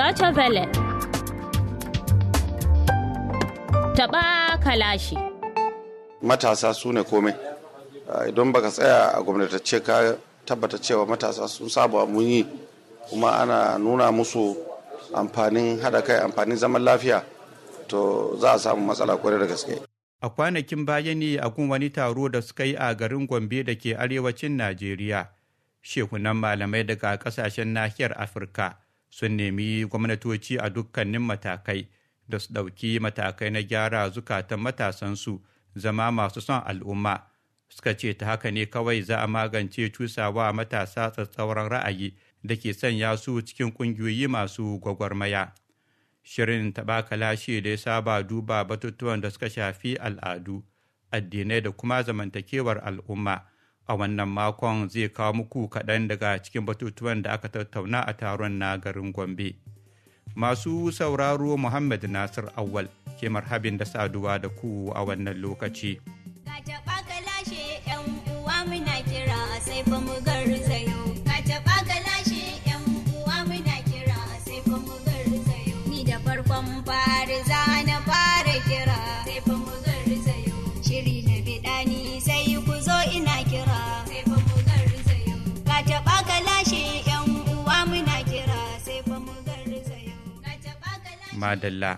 Deutsche Welle. Taɓa kalashi. Matasa su ne komai. Ah, idan baka tsaya a gwamnatacce ka tabbata cewa matasa sun saba mun yi kuma ana nuna musu amfanin haɗa kai amfanin zaman lafiya to za a samu matsala kwarai da gaske. A kwanakin baya ne a gun wani taro da suka yi a garin Gombe da ke arewacin Najeriya, shekunan malamai daga ƙasashen nahiyar Afirka sun nemi gwamnatoci a dukkanin matakai da su ɗauki matakai na gyara zukatan matasansu zama masu son al'umma suka ce ta haka ne kawai za a magance cusawa matasa tsatsauran ra'ayi da ke sanya su cikin ƙungiyoyi masu gwagwarmaya shirin taɓa taɓakalashe da ya saba duba batutuwan da suka shafi al'adu addinai da kuma zamantakewar al'umma a wannan makon zai kawo muku kaɗan daga cikin batutuwan da aka tattauna a taron na garin Gombe. Masu sauraro Muhammad Nasir Awal ke marhabin da saduwa da ku a wannan lokaci. ka muna kira sai madalla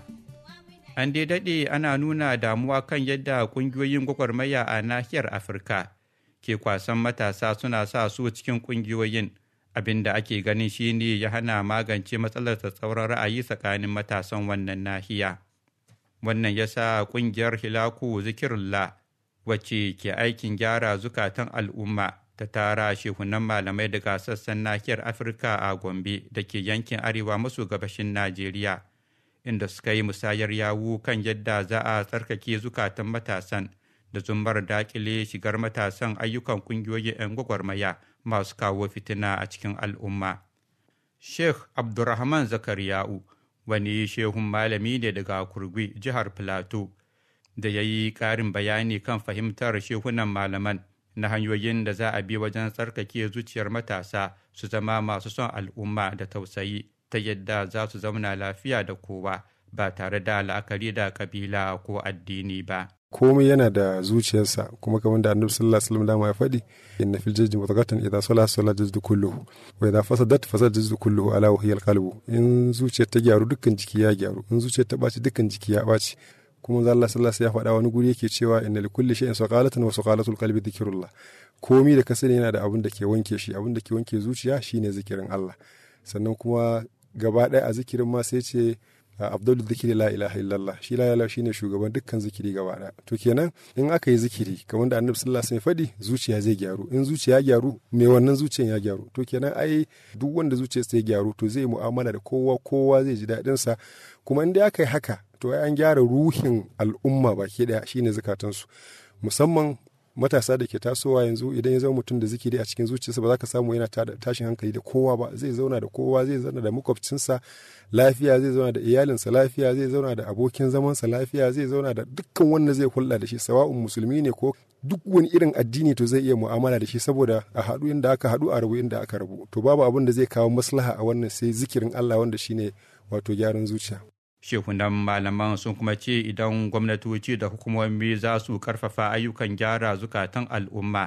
an dai daɗe ana nuna damuwa kan yadda ƙungiyoyin gwagwarmaya a nahiyar afirka ke kwasan matasa suna sa su cikin ƙungiyoyin Abinda ake ganin shine ya hana magance matsalar tsatsauran ra'ayi tsakanin matasan wannan nahiya wannan ya sa ƙungiyar hilaku zikirullah wacce ke aikin gyara zukatan al'umma ta tara shehunan malamai daga sassan nahiyar afirka a gombe da ke yankin arewa maso gabashin najeriya inda suka yi musayar yawu kan yadda za a tsarkake zukatan matasan da zumbar dakile shigar matasan ayyukan kungiyoyin 'yan gwagwarmaya masu kawo fitina a cikin al'umma. Sheikh Abdurrahman Zakariya'u wani shehun malami ne daga kurgwi jihar Filato da ya yi ƙarin bayani kan fahimtar shehunan malaman na hanyoyin da za a bi wajen tsarkake zuciyar matasa su zama masu son al'umma da tausayi. ta yadda za su zauna lafiya da kowa ba tare da la'akari da kabila ko addini ba. komai yana da zuciyarsa kuma kamar da annabi sallallahu alaihi wasallam dama ya faɗi inna fil jajji mutaqatan idza sala sala jazdu kulluhu wa idza fasadat fasada jazdu kulluhu ala wa hiya qalbu in zuciyar ta gyaru dukkan jiki ya gyaru in zuciyar ta baci dukkan jiki ya baci kuma Allah sallallahu alaihi ya faɗa wani guri yake cewa inna li kulli shay'in saqalatan wa saqalatul qalbi dhikrullah komai da ka sani yana da abin da ke wanke shi abin da ke wanke zuciya shine zikirin Allah sannan kuma gaba ɗaya a zikirin ma sai ce abdullu zikiri la ilaha illallah shi la ilaha shine shugaban dukkan zikiri gaba ɗaya to kenan in aka yi zikiri kamar da annabi sallallahu alaihi wasallam faɗi zuciya zai gyaru in zuciya ya gyaru me wannan zuciyan ya gyaru to kenan ai duk wanda zuciyar ya gyaru to zai mu'amala da kowa kowa zai ji daɗin sa kuma in dai aka yi haka to ai an gyara ruhin al'umma baki ɗaya shine zakatansu musamman matasa da ke tasowa yanzu idan ya zama mutum da zikiri a cikin zuciyarsa ba za ka samu yana tashin hankali da kowa ba zai zauna da kowa zai zauna da makwabcinsa lafiya zai zauna da iyalinsa lafiya zai zauna da abokin zamansa lafiya zai zauna da dukkan wanda zai hulɗa da shi sawa'un musulmi ne ko duk wani irin addini to zai iya mu'amala da shi saboda a haɗu inda aka haɗu a rabu inda aka rabu to babu abin da zai kawo maslaha a wannan sai zikirin Allah wanda shine wato gyaran zuciya shehunan malaman sun kuma ce idan gwamnatoci da hukumomi za su karfafa ayyukan gyara zukatan al'umma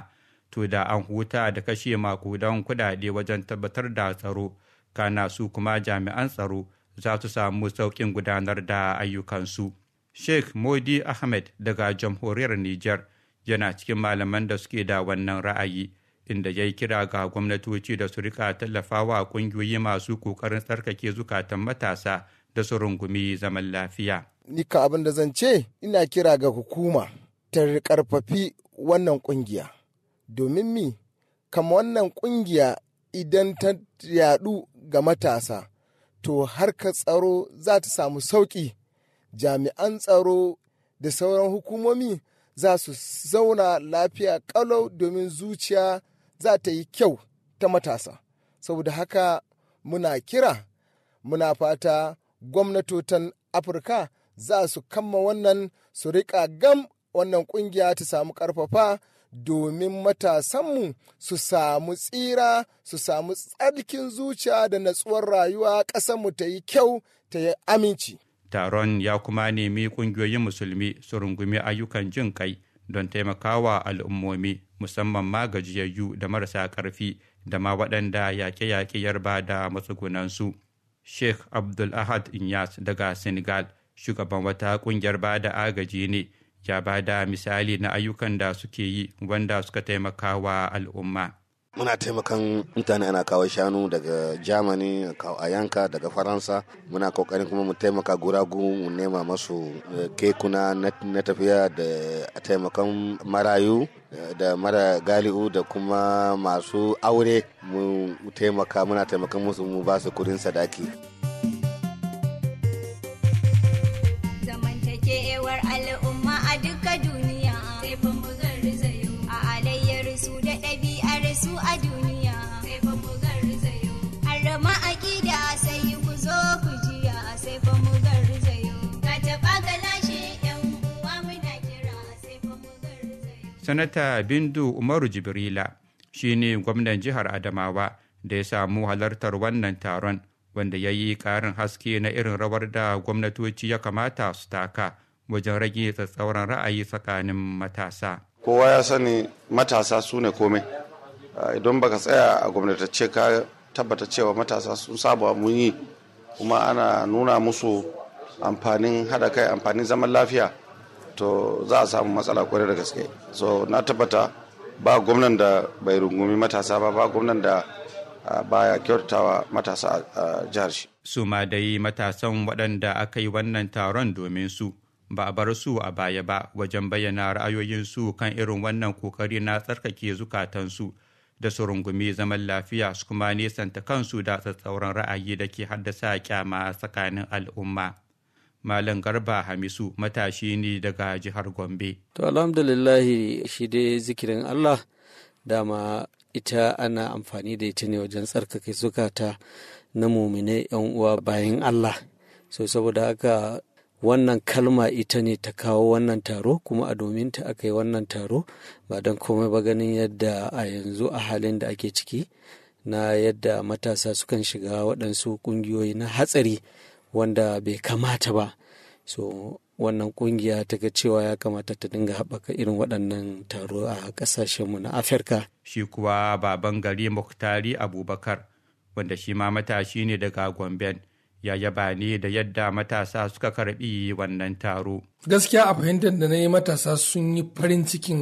to da an huta da kashe makudan kudade wajen tabbatar da tsaro kana su kuma jami'an tsaro za su samu sauƙin gudanar da ayyukansu sheikh modi ahmed daga jamhuriyar niger yana cikin malaman da suke da wannan ra'ayi inda ya yi kira ga gwamnatoci da su rika tallafawa ƙungiyoyi masu ƙoƙarin tsarkake zukatan matasa da su rungumi zaman lafiya. Nika abin da zan ce ina kira ga hukuma ta karfafi wannan kungiya domin mi kama wannan kungiya idan ta yadu ga matasa to ka tsaro za ta samu sauƙi jami'an tsaro da sauran hukumomi za su zauna lafiya kalau domin zuciya za ta yi kyau ta matasa saboda haka muna kira muna fata gwamnatotan afirka za su kama wannan su riƙa gam wannan ƙungiya ta samu ƙarfafa domin matasanmu su samu tsira su samu tsarkin zuciya da natsuwar rayuwa ƙasarmu ta yi kyau ta yi aminci. taron ya kuma nemi ƙungiyoyin musulmi su rungumi ayyukan jin kai don taimakawa al'ummomi musamman ma gajiyayyu da marasa ƙarfi da ma waɗanda yaƙe-yaƙe yarba da matsugunansu. sheikh abdul ahad inyas daga senegal shugaban wata kungiyar ba da agaji ne ya ba da misali na ayyukan da suke yi wanda suka taimaka wa al'umma muna taimakan mutane ana kawo shanu daga germany a yanka daga faransa muna kokarin kuma mu taimaka guragu mu nema masu eh, kekuna na tafiya da taimakan marayu eh, da mara gali'u da kuma masu aure mu taimaka muna taimakan musu mu ba su kudin sadaki sanata bindu umaru jibrila shine gwamnan jihar adamawa da ya samu halartar wannan taron wanda ya yi karin haske na irin rawar da gwamnatoci ya kamata su taka wajen rage tsatsauran ra'ayi tsakanin matasa kowa ya sani matasa su ne komai idan baka tsaya a gwamnatace ka tabbata cewa matasa sun saba mun yi kuma ana nuna musu amfanin haɗa kai amfanin zaman lafiya to za a samu matsala kwarai da gaske so na tabbata ba gwamnan da bai rungumi matasa ba ba gwamnan da baya kyautatawa matasa a jihar shi su ma dai matasan waɗanda aka yi wannan taron domin su ba a bar su a baya ba wajen bayyana ra'ayoyin su kan irin wannan kokari na tsarkake zukatansu da su rungumi zaman lafiya su kuma nesanta kansu da tsatsauran ra'ayi da ke haddasa kyama tsakanin al'umma. Malam Garba Hamisu matashi ne daga jihar Gombe. To alhamdulillahi shi dai zikirin Allah dama ita ana amfani da ita ne wajen tsarkake zukata na mumine yan uwa bayan Allah. So saboda haka wannan kalma ita ne ta kawo wannan taro kuma a domin ta aka yi wannan taro ba don komai ba ganin yadda a yanzu a halin da ake ciki na yadda matasa sukan shiga waɗansu ƙungiyoyi na hatsari wanda bai kamata ba so wannan kungiya ta ga cewa ya kamata ta dinga haɓaka irin waɗannan taro a ƙasashenmu na afirka shi kuwa baban gari muktari abubakar wanda shi ma matashi ne daga gomben ya yaba ne da yadda matasa suka karɓi wannan taro gaskiya a fahimtar da na yi matasa sun yi farin cikin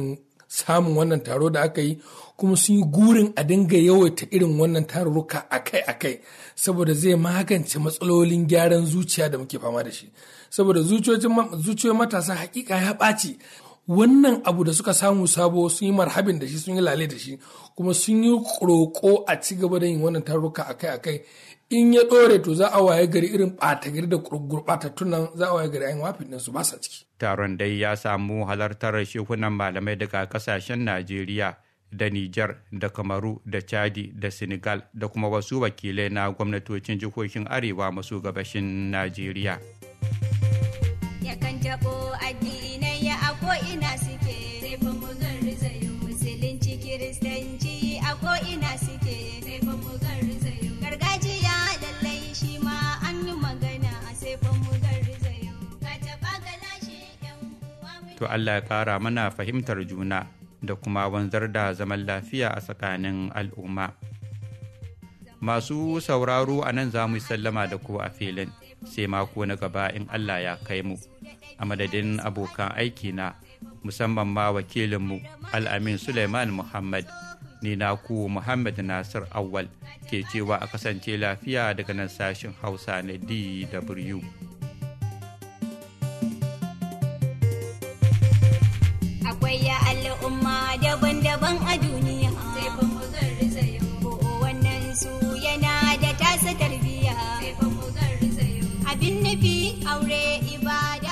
samun wannan taro da aka yi kuma sun yi gurin a dinga yawaita irin wannan tarurruka akai-akai saboda zai magance matsalolin gyaran zuciya da muke fama da shi saboda zuciyoyin matasa hakika ya ɓaci wannan abu da suka samu sabo sun yi marhabin da shi sun yi lale da shi kuma sun yi roƙo a ci gaba da yin wannan taruka akai-akai in ya ɗore to za a waye gari irin ɓata gari da gurɓatattun nan za a waye gari ayin wafin nan su ba sa ciki. taron dai ya samu halartar shehunan malamai daga kasashen najeriya da nijar da kamaru da chadi da senegal da kuma wasu wakilai na gwamnatocin jihohin arewa maso gabashin najeriya. to Allah ya ƙara mana fahimtar juna da kuma wanzar da zaman lafiya a tsakanin al'umma. Masu sauraro a nan za mu sallama da ku a filin sai mako na gaba in Allah ya kai mu a madadin abokan aiki na musamman ma wakilinmu Al'amin Suleiman Muhammad ni na ku Muhammad Nasir Awal ke cewa a kasance lafiya daga nan sashin Hausa na DW. raya al'umma daban-daban a duniya sai wannan su yana da tasa tarbiyya. sai abin nufi aure ibada